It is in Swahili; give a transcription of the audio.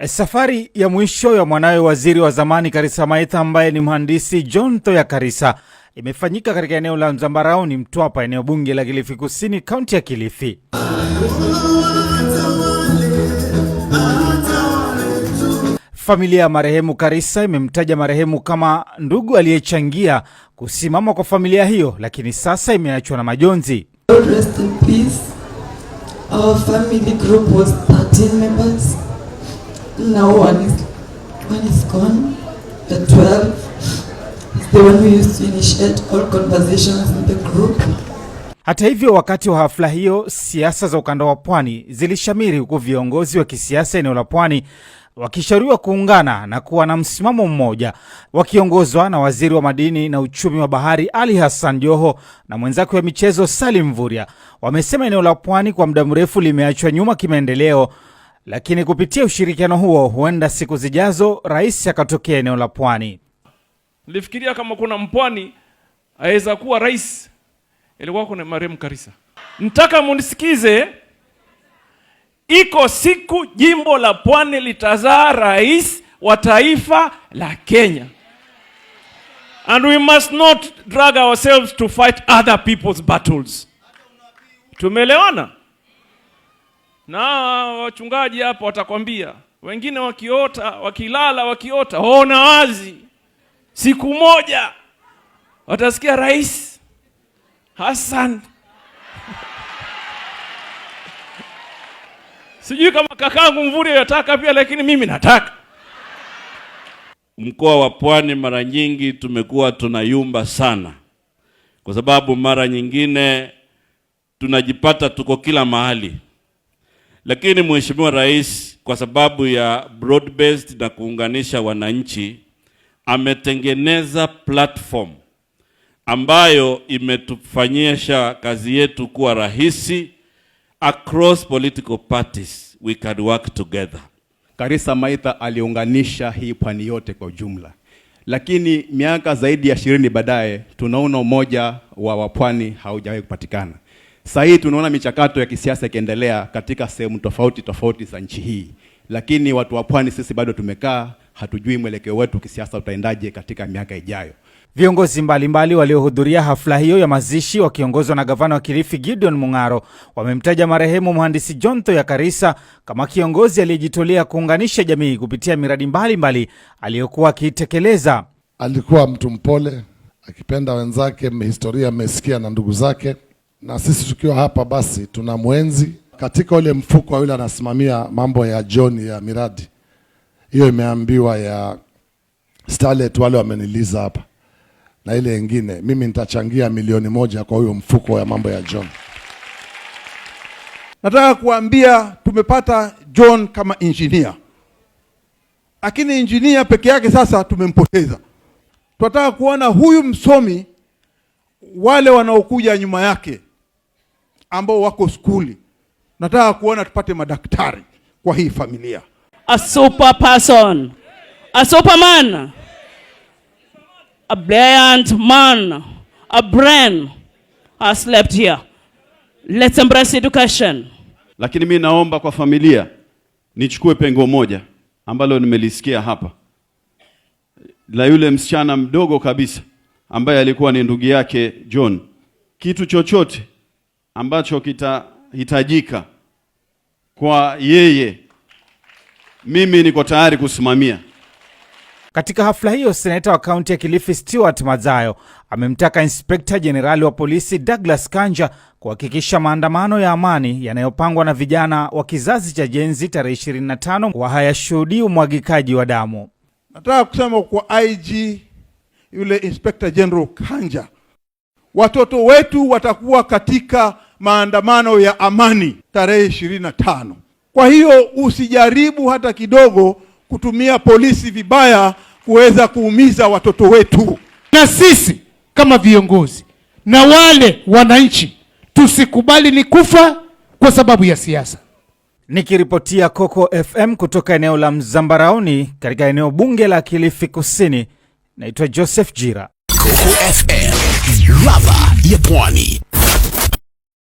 Eh, safari ya mwisho ya mwanawe waziri wa zamani Karisa Maitha ambaye ni mhandisi John Toya Karisa imefanyika katika eneo la Mzambarao ni Mtwapa, eneo bunge la Kilifi Kusini, kaunti ya Kilifi. Familia ya marehemu Karisa imemtaja marehemu kama ndugu aliyechangia kusimama kwa familia hiyo, lakini sasa imeachwa na majonzi. Rest in peace. Our family group was 13 members. No one is, one is gone. The 12 is the one who used to initiate all conversations in the group. Hata hivyo, wakati wa hafla hiyo, siasa za ukanda wa pwani zilishamiri huku viongozi wa kisiasa eneo la pwani wakishauriwa kuungana na kuwa na msimamo mmoja wakiongozwa na waziri wa madini na uchumi wa bahari Ali Hassan Joho na mwenzake wa michezo Salim Mvurya. Wamesema eneo la pwani kwa muda mrefu limeachwa nyuma kimaendeleo, lakini kupitia ushirikiano huo huenda siku zijazo rais akatokea eneo la Pwani. Nilifikiria kama kuna mpwani aweza kuwa rais, ilikuwa kuna marehemu Karisa. Nataka munisikize, iko siku jimbo la Pwani litazaa rais wa taifa la Kenya, and we must not drag ourselves to fight other people's battles. Tumeelewana? na wachungaji hapa watakwambia, wengine wakiota, wakilala, wakiota waona wazi. Siku moja watasikia Rais Hassan sijui kama kakangu Mvuri yataka pia, lakini mimi nataka. Mkoa wa Pwani mara nyingi tumekuwa tunayumba sana, kwa sababu mara nyingine tunajipata tuko kila mahali lakini Mheshimiwa Rais kwa sababu ya broad based na kuunganisha wananchi ametengeneza platform ambayo imetufanyisha kazi yetu kuwa rahisi across political parties we can work together. Karisa Maitha aliunganisha hii pwani yote kwa ujumla, lakini miaka zaidi ya ishirini baadaye tunaona umoja wa wapwani haujawahi kupatikana. Sasa hii tunaona michakato ya kisiasa ikiendelea katika sehemu tofauti tofauti za nchi hii, lakini watu wa pwani sisi bado tumekaa, hatujui mwelekeo wetu kisiasa utaendaje katika miaka ijayo. Viongozi mbalimbali waliohudhuria hafla hiyo ya mazishi wakiongozwa na gavana wa Kilifi Gideon Mung'aro wamemtaja marehemu mhandisi John Thoya Karisa kama kiongozi aliyejitolea kuunganisha jamii kupitia miradi mbalimbali aliyokuwa akiitekeleza. Alikuwa mtu mpole, akipenda wenzake. Historia mmesikia na ndugu zake na sisi tukiwa hapa basi tuna mwenzi katika ule mfuko wa yule anasimamia mambo ya John ya miradi hiyo, imeambiwa ya Starlet, wale wameniliza hapa na ile ingine, mimi nitachangia milioni moja kwa huyo mfuko ya mambo ya John. Nataka kuambia tumepata John kama injinia, lakini injinia peke yake sasa tumempoteza. Tunataka kuona huyu msomi, wale wanaokuja nyuma yake ambao wako skuli. Nataka kuona tupate madaktari kwa hii familia. A super person. A superman. A brilliant man. A brain has slept here. Let's embrace education. Lakini mi naomba kwa familia nichukue pengo moja ambalo nimelisikia hapa la yule msichana mdogo kabisa ambaye alikuwa ni ndugu yake John. Kitu chochote ambacho kitahitajika kwa yeye, mimi niko tayari kusimamia. Katika hafla hiyo, seneta wa kaunti ya Kilifi Stewart Madzayo amemtaka inspekta jenerali wa polisi Douglas Kanja kuhakikisha maandamano ya amani yanayopangwa na vijana wa kizazi cha Gen Z tarehe 25 wa hayashuhudii umwagikaji wa damu. Nataka kusema kwa IG yule inspekta general Kanja, watoto wetu watakuwa katika maandamano ya amani tarehe ishirini na tano. Kwa hiyo usijaribu hata kidogo kutumia polisi vibaya kuweza kuumiza watoto wetu. Na sisi kama viongozi na wale wananchi tusikubali ni kufa kwa sababu ya siasa. Nikiripotia Coco FM kutoka eneo la Mzambarauni katika eneo bunge la Kilifi Kusini, naitwa Joseph Jira. Coco FM, ladha ya Pwani.